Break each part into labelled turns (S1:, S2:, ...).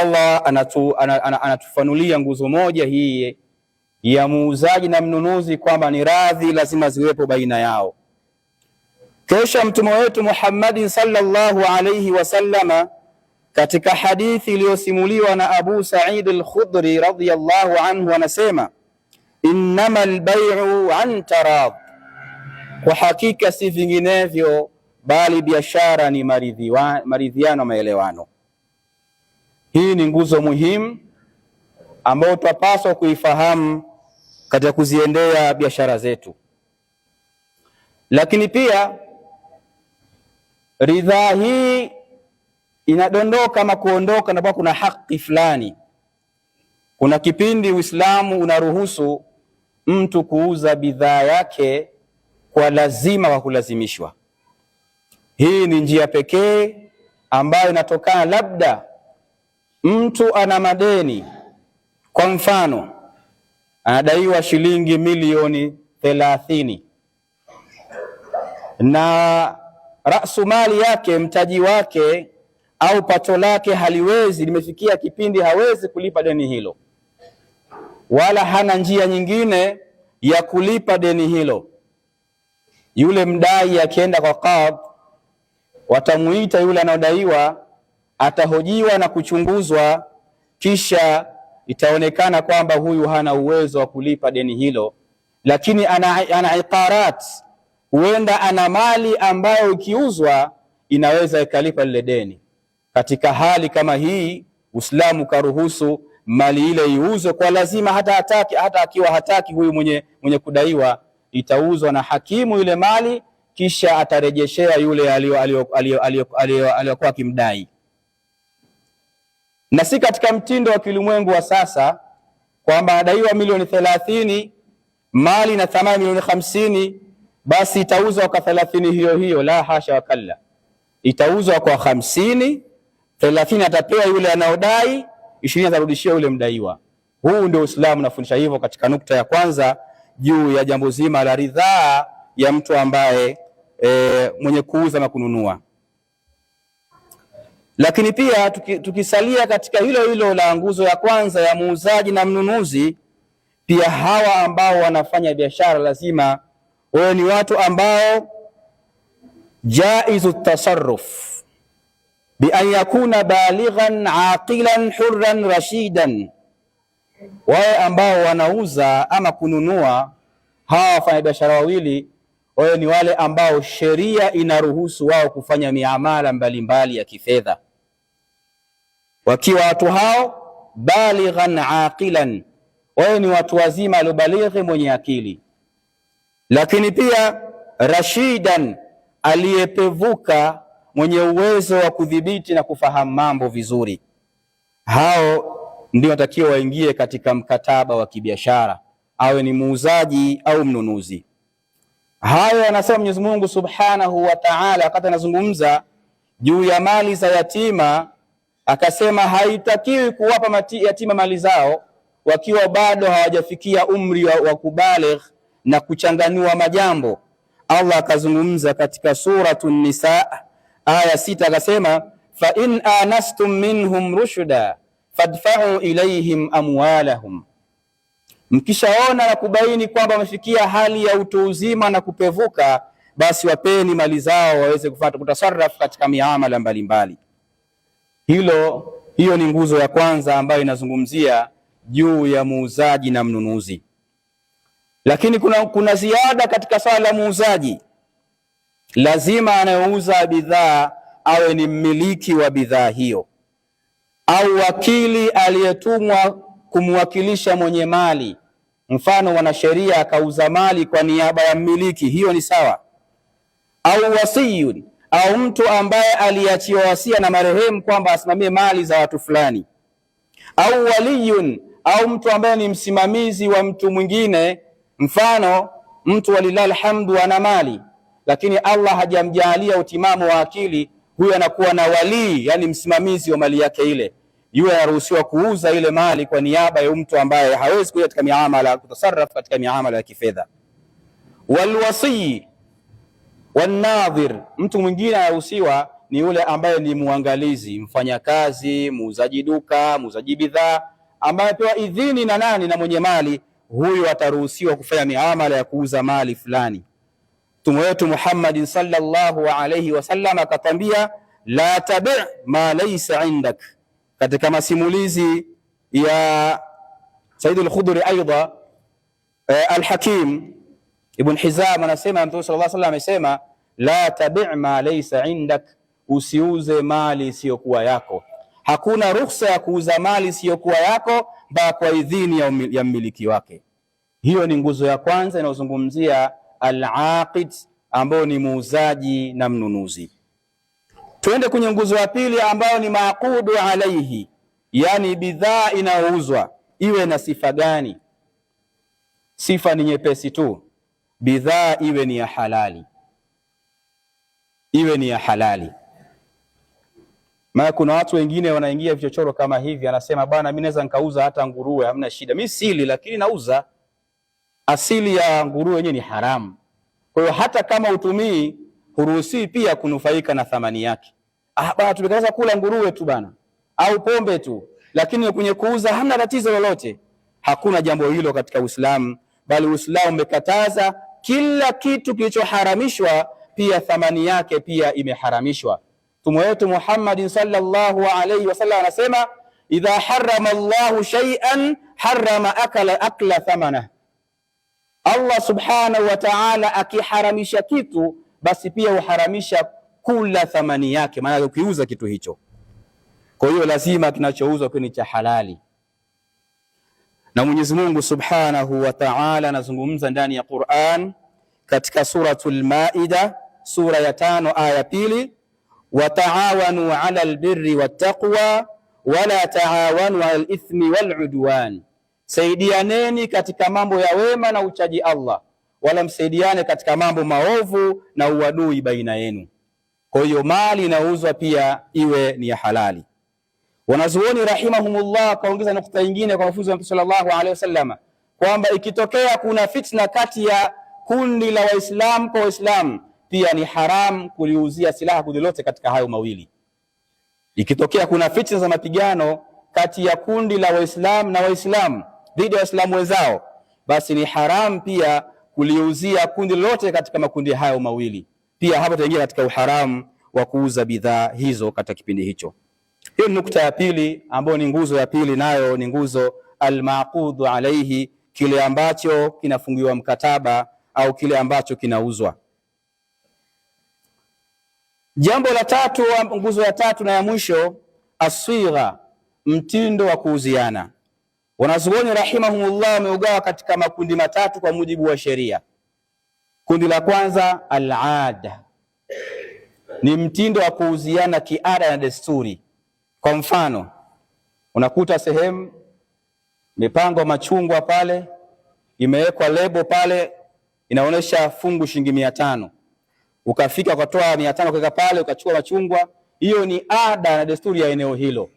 S1: Allah anatu, anatufanulia nguzo moja hii ya muuzaji na mnunuzi kwamba ni radhi lazima ziwepo baina yao. Kisha mtume wetu Muhammadin sallallahu alayhi wasallama katika hadithi iliyosimuliwa na Abu Sa'id al-Khudri radhiyallahu anhu anasema, al-bay'u an tarad, kwa hakika si vinginevyo, bali biashara ni maridhiano, maelewano hii ni nguzo muhimu ambayo twapaswa kuifahamu katika kuziendea biashara zetu, lakini pia ridhaa hii inadondoka ama kuondoka na kuna haki fulani. Kuna kipindi Uislamu unaruhusu mtu kuuza bidhaa yake kwa lazima, kwa kulazimishwa. Hii ni njia pekee ambayo inatokana labda mtu ana madeni, kwa mfano anadaiwa shilingi milioni thelathini na rasu mali yake mtaji wake au pato lake haliwezi, limefikia kipindi hawezi kulipa deni hilo, wala hana njia nyingine ya kulipa deni hilo. Yule mdai akienda kwa kadhi, watamuita yule anayodaiwa atahojiwa na kuchunguzwa, kisha itaonekana kwamba huyu hana uwezo wa kulipa deni hilo, lakini ana, ana iqarat, huenda ana mali ambayo ikiuzwa inaweza ikalipa lile deni. Katika hali kama hii, Uislamu karuhusu mali ile iuzwe kwa lazima, hata hataki, hata akiwa hataki huyu mwenye, mwenye kudaiwa, itauzwa na hakimu ile mali, kisha atarejeshea yule aliyokuwa akimdai na si katika mtindo wa kiulimwengu wa sasa kwamba adaiwa milioni thelathini mali na thamani milioni hamsini basi itauzwa kwa thelathini hiyo hiyo. La hasha wakalla, itauzwa kwa hamsini, thelathini atapewa yule anaodai, ishirini atarudishia yule mdaiwa. Huu ndio Uislamu unafundisha hivyo, katika nukta ya kwanza juu ya jambo zima la ridhaa ya mtu ambaye e, mwenye kuuza na kununua. Lakini pia tuki, tukisalia katika hilo hilo la nguzo ya kwanza ya muuzaji na mnunuzi, pia hawa ambao wanafanya biashara lazima wao ni watu ambao jaizu tasarruf bi an yakuna balighan aqilan hurran rashidan, wale ambao wanauza ama kununua. Hawa wafanyabiashara wawili wao ni wale ambao sheria inaruhusu wao kufanya miamala mbalimbali ya kifedha wakiwa watu hao balighan aqilan, wao ni watu wazima aliobalighi, mwenye akili, lakini pia rashidan, aliyepevuka, mwenye uwezo wa kudhibiti na kufahamu mambo vizuri. Hao ndio watakiwa waingie katika mkataba wa kibiashara, awe ni muuzaji au mnunuzi. Hayo anasema Mwenyezi Mungu Subhanahu wa Ta'ala, wakati anazungumza juu ya mali za yatima akasema haitakiwi kuwapa mati, yatima mali zao wakiwa bado hawajafikia umri wa, wa kubaligh na kuchanganua majambo. Allah akazungumza katika suratu Nisa aya sita akasema fa in anastum minhum rushda fadfa'u ilayhim amwalahum, mkishaona na kubaini kwamba wamefikia hali ya utu uzima na kupevuka, basi wapeni mali zao waweze kufata kutasarraf katika miamala mbalimbali. Hilo hiyo ni nguzo ya kwanza ambayo inazungumzia juu ya muuzaji na mnunuzi. Lakini kuna, kuna ziada katika swala la muuzaji. Lazima anayeuza bidhaa awe ni mmiliki wa bidhaa hiyo au wakili aliyetumwa kumwakilisha mwenye mali. Mfano, wanasheria akauza mali kwa niaba ya mmiliki, hiyo ni sawa. Au wasiyun au mtu ambaye aliachiwa wasia na marehemu kwamba asimamie mali za watu fulani, au waliyun, au mtu ambaye ni msimamizi wa mtu mwingine. Mfano, mtu walilal hamdu ana mali, lakini Allah hajamjaalia utimamu wa akili, huyo anakuwa na walii, yani msimamizi wa mali yake ile, yule anaruhusiwa kuuza ile mali kwa niaba ya mtu ambaye hawezi kuja katika miamala kutasarraf katika miamala ya kifedha. walwasii Wanadhir, mtu mwingine anaruhusiwa ni yule ambaye ni muangalizi, mfanyakazi, muuzaji duka, muuzaji bidhaa, ambaye pewa idhini na nani? Na mwenye mali huyo ataruhusiwa kufanya miamala ya kuuza mali fulani. Mtume wetu Muhammadin sallallahu alayhi wasallam akatambia la tabi ma laysa indak. Katika masimulizi ya said al Khudri aidha eh, hakim Ibn Hizam anasema Mtume sallallahu alaihi wasallam amesema, la tabi' ma laysa indak, usiuze mali isiyokuwa yako. Hakuna ruhusa ya kuuza mali isiyokuwa yako mpaka kwa idhini ya mmiliki wake. Hiyo ni nguzo ya kwanza inayozungumzia al-aqid, ambayo ni muuzaji na mnunuzi. Twende kwenye nguzo ya pili ambayo ni maqudu alaihi, yani bidhaa inayouzwa iwe na sifa gani? Sifa ni nyepesi tu bidhaa iwe ni ya halali, iwe ni ya halali. Maana kuna watu wengine wanaingia vichochoro kama hivi, anasema bana, mimi naweza nikauza hata nguruwe, hamna shida, mimi sili, lakini nauza. Asili ya nguruwe yenyewe ni haramu, kwa hiyo hata kama utumii huruhusi pia kunufaika na thamani yake. Ah, bana, tumekaza kula nguruwe tu bana, au pombe tu, lakini kwenye kuuza hamna tatizo lolote. Hakuna jambo hilo katika Uislamu bali Uislamu umekataza kila kitu kilichoharamishwa, pia thamani yake pia imeharamishwa. Mtume wetu Muhammadin sallallahu alayhi wasallam anasema, idha harama Allahu shay'an harama akala akla thamana, Allah subhanahu wa ta'ala akiharamisha kitu, basi pia uharamisha kula thamani yake, maana ukiuza kitu hicho. Kwa hiyo lazima kinachouzwa kini cha halali na Mwenyezi Mungu Subhanahu wa Ta'ala anazungumza ndani ya Qur'an katika suratul Maida sura ya tano aya pili, wa taawanu ala albirri wattaqwa wala taawanu ala alithmi waludwan, saidianeni katika mambo ya wema na uchaji Allah, wala msaidiane katika mambo maovu na uadui baina yenu. Kwa hiyo mali inauzwa pia iwe ni ya halali. Wanazuoni rahimahumullah kaongeza nukta nyingine kwa mafunzo ya Mtume sallallahu alaihi wasallam kwamba ikitokea kuna fitna kati ya kundi la waislam kwa waislam pia ni haram kuliuzia silaha kundi lote katika hayo mawili. Ikitokea kuna fitna za mapigano kati ya kundi la waislam na waislam dhidi ya waislam wenzao, basi ni haram pia kuliuzia kundi lolote katika makundi hayo mawili. Pia hapo tutaingia katika uharamu wa kuuza bidhaa hizo katika kipindi hicho. Hiyo ni nukta ya pili ambayo ni nguzo ya pili, nayo ni nguzo almaqudhu alaihi, kile ambacho kinafungiwa mkataba au kile ambacho kinauzwa. Jambo la tatu, nguzo ya tatu na ya mwisho, aswigha, mtindo wa kuuziana. Wanazuoni rahimahumullah wameugawa katika makundi matatu kwa mujibu wa sheria. Kundi la kwanza, alada, ni mtindo wa kuuziana kiada na desturi kwa mfano, unakuta sehemu mipango machungwa pale imewekwa lebo pale inaonyesha fungu shilingi mia tano ukafika ukatoa mia tano ukaweka pale ukachukua machungwa. Hiyo ni ada na desturi ya eneo hilo.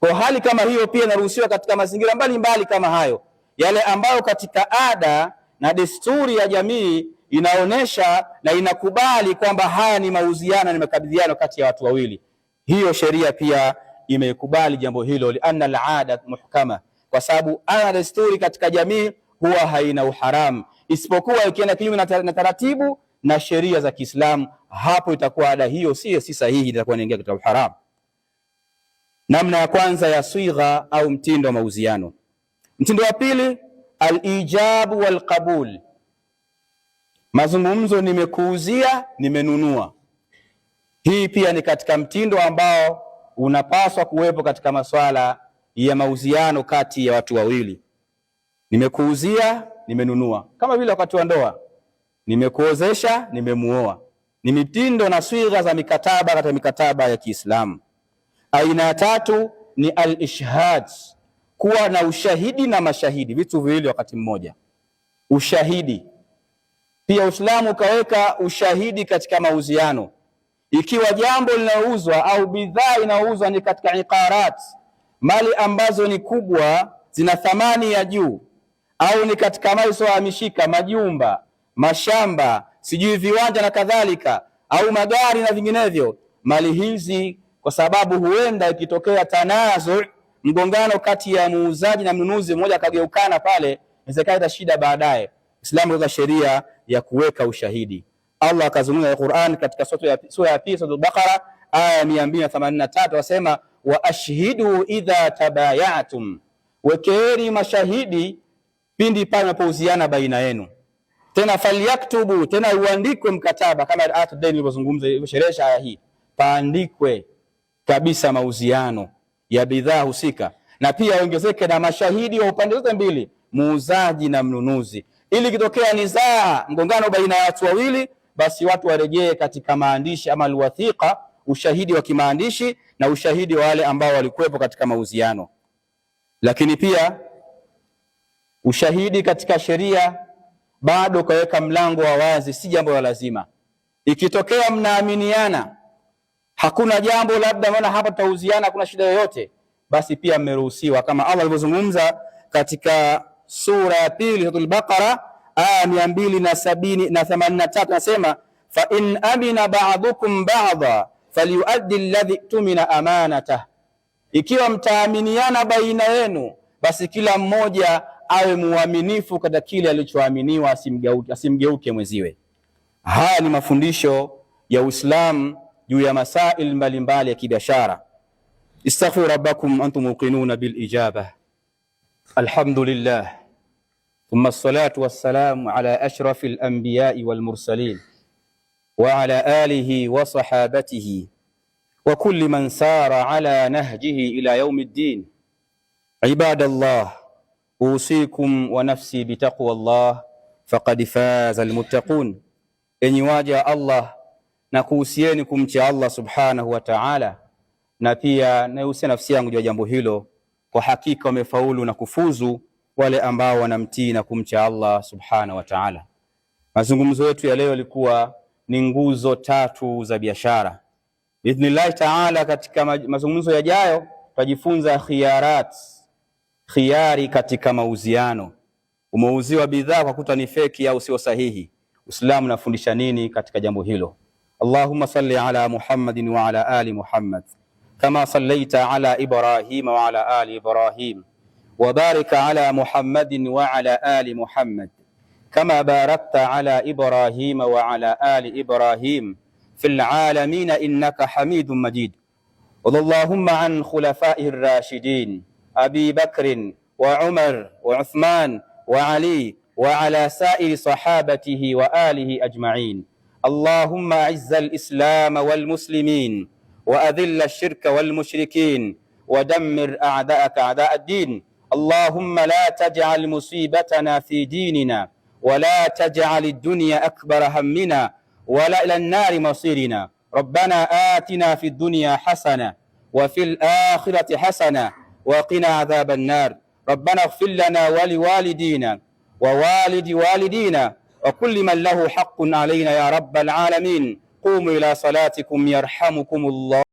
S1: Kwa hali kama hiyo pia inaruhusiwa katika mazingira mbalimbali kama hayo, yale ambayo katika ada na desturi ya jamii inaonyesha na inakubali kwamba haya ni mauziano, ni makabidhiano kati ya watu wawili. Hiyo sheria pia imekubali jambo hilo, lianna alada muhkama, kwa sababu ana desturi katika jamii huwa haina uharamu, isipokuwa ikienda kinyume na taratibu na sheria za Kiislamu, hapo itakuwa ada hiyo si si sahihi, itakuwa inaingia katika uharamu. Namna ya kwanza ya swigha au mtindo wa mauziano. Mtindo wa pili, alijabu walqabul, mazungumzo, nimekuuzia nimenunua. Hii pia ni katika mtindo ambao unapaswa kuwepo katika masuala ya mauziano kati ya watu wawili. Nimekuuzia, nimenunua, kama vile wakati wa ndoa. Nimekuozesha, nimemuoa. Ni mitindo na swigha za mikataba katika mikataba ya Kiislamu. Aina ya tatu ni al-ishhad, kuwa na ushahidi na mashahidi, vitu viwili wakati mmoja. Ushahidi pia Uislamu ukaweka ushahidi katika mauziano ikiwa jambo linalouzwa au bidhaa inayouzwa ni katika iqarat, mali ambazo ni kubwa zina thamani ya juu, au ni katika mali isiyohamishika, majumba, mashamba, sijui viwanja na kadhalika, au magari na vinginevyo, mali hizi kwa sababu huenda ikitokea tanazu, mgongano kati ya muuzaji na mnunuzi, mmoja akageukana pale, inawezekana ita shida baadaye. Islamu iliweka sheria ya kuweka ushahidi. Allah akazungumza Qur'an katika sura ya pili, sura Bakara aya ya 283, wasema wa ashhidu idha tabayatum, wekeeni mashahidi pindi pale mnapouziana baina yenu. Tena falyaktubu, tena uandikwe mkataba kama hata deni ilivyozungumza sherehe aya hii, paandikwe kabisa mauziano ya bidhaa husika, na pia ongezeke na mashahidi wa upande zote mbili, muuzaji na mnunuzi, ili kitokea nizaa, mgongano baina ya watu wawili basi watu warejee katika maandishi ama alwathiqa, ushahidi wa kimaandishi na ushahidi wa wale ambao walikuwepo katika mauziano. Lakini pia ushahidi katika sheria bado ukaweka mlango wa wazi, si jambo la lazima. Ikitokea mnaaminiana hakuna jambo labda maana hapa tutauziana, kuna shida yoyote, basi pia mmeruhusiwa, kama Allah alivyozungumza katika sura ya pili Suratul Baqara aya mia mbili na sabini na themanini na tatu nasema fa in amina ba'dukum ba'dha falyuaddi alladhi tumina amanatah, ikiwa mtaaminiana baina yenu, basi kila mmoja awe muaminifu katika kile alichoaminiwa, asimgeuke, asimgeuke mweziwe. Haya ni mafundisho ya Uislamu juu ya masail mbalimbali ya kibiashara. Istaghfiru rabbakum antum muqinuna bil ijaba. Alhamdulillah Thumma salatu wassalamu ala ashrafi alambiyai walmursalin wa ala alihi wa sahabatihi wa kulli man sara ala nahjihi ila yaumi ddin. ibadallah usikum wa nafsi bitaqwa llah faqad faza almuttaqun, enyi waja Allah na kuhusieni kumcha Allah subhanahu wa ta'ala, na pia nahusia nafsi yangu juu ya jambo hilo, kwa hakika wamefaulu na kufuzu wale ambao wanamtii na kumcha Allah subhanahu wa ta'ala. Mazungumzo yetu ya leo yalikuwa ni nguzo tatu za biashara. Biidhnillahi taala, katika mazungumzo yajayo tutajifunza khiyarat, khiyari katika mauziano. Umeuziwa bidhaa kwa kuta ni feki au sio sahihi, Uislamu unafundisha nini katika jambo hilo? Allahumma salli ala Muhammadin wa ala ali Muhammad kama sallaita ala Ibrahima wa ala ali Ibrahim وبارك على محمد وعلى آل محمد كما باركت على إبراهيم وعلى آل إبراهيم في العالمين إنك حميد مجيد وارض اللهم عن خلفائه الراشدين أبي بكر وعمر وعثمان وعلي وعلى سائر صحابته وآله أجمعين اللهم أعز الإسلام والمسلمين وأذل الشرك والمشركين ودمر أعداءك أعداء الدين اللهم لا تجعل مصيبتنا في ديننا ولا تجعل الدنيا أكبر همنا ولا إلى النار مصيرنا ربنا آتنا في الدنيا حسنة وفي الآخرة حسنة وقنا عذاب النار ربنا اغفر لنا ولوالدينا ووالد والدينا وكل من له حق علينا يا رب العالمين قوموا إلى صلاتكم يرحمكم الله